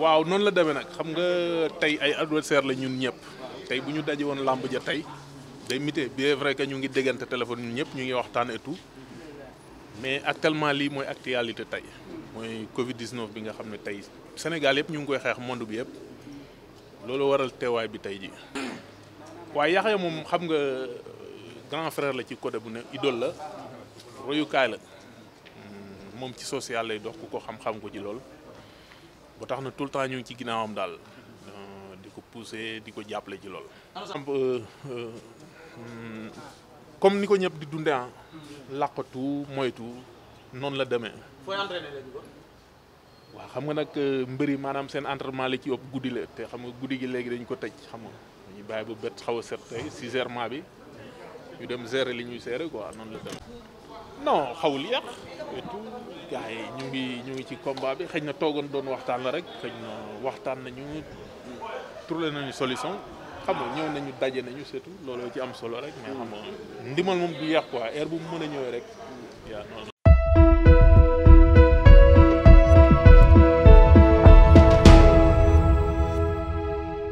waaw noonu la demee nag xam nga tey ay adversaire la ñun ñëpp tey bu ñu dajee woon làmb ja tey de mité bien vrai que ñu ngi déggante téléphone ñun ñëpp ñu ngi waxtaan et mais actuellement lii mooy actualité tey mooy Covid 19 bi nga xam ne tey Sénégal yëpp ñu ngi koy xeex monde bi yëpp loolu waral teewaay bi tey ji waaye Yaxya moom xam nga grand frère la ci côté bu ne idool la royukaay la hmm, moom ci social lay dox ku ko xam-xam ko ci lool ba tax na tout le temps ñu ci ginnaawam daal euh, di ko pousser di ko jàppale ci lool euh, euh, comme ni ko ñëpp di dundee ah làqatu moytu noonu la demee waa xam nga nag mbëri maanaam seen entraînement li ci ëpp guddi la te xam nga guddi gi léegi dañ ko tëj xam nga dañuy bàyyi ba bët xaw a set tey si gèrement bi ñu dem ger li ñuy seere waa noonu la demee non xawul yàq gars yi ñu ngi ñu ngi ci combat bi xëy na toogoon doon waxtaan la rek xëy na waxtaan nañu trouvé nañu solution xam nga ñëw nañu daje nañu surtout looloo ci am solo rek mais xam nga ndimal moom du yàq quoi heure bu mu mën a ñëwee rek.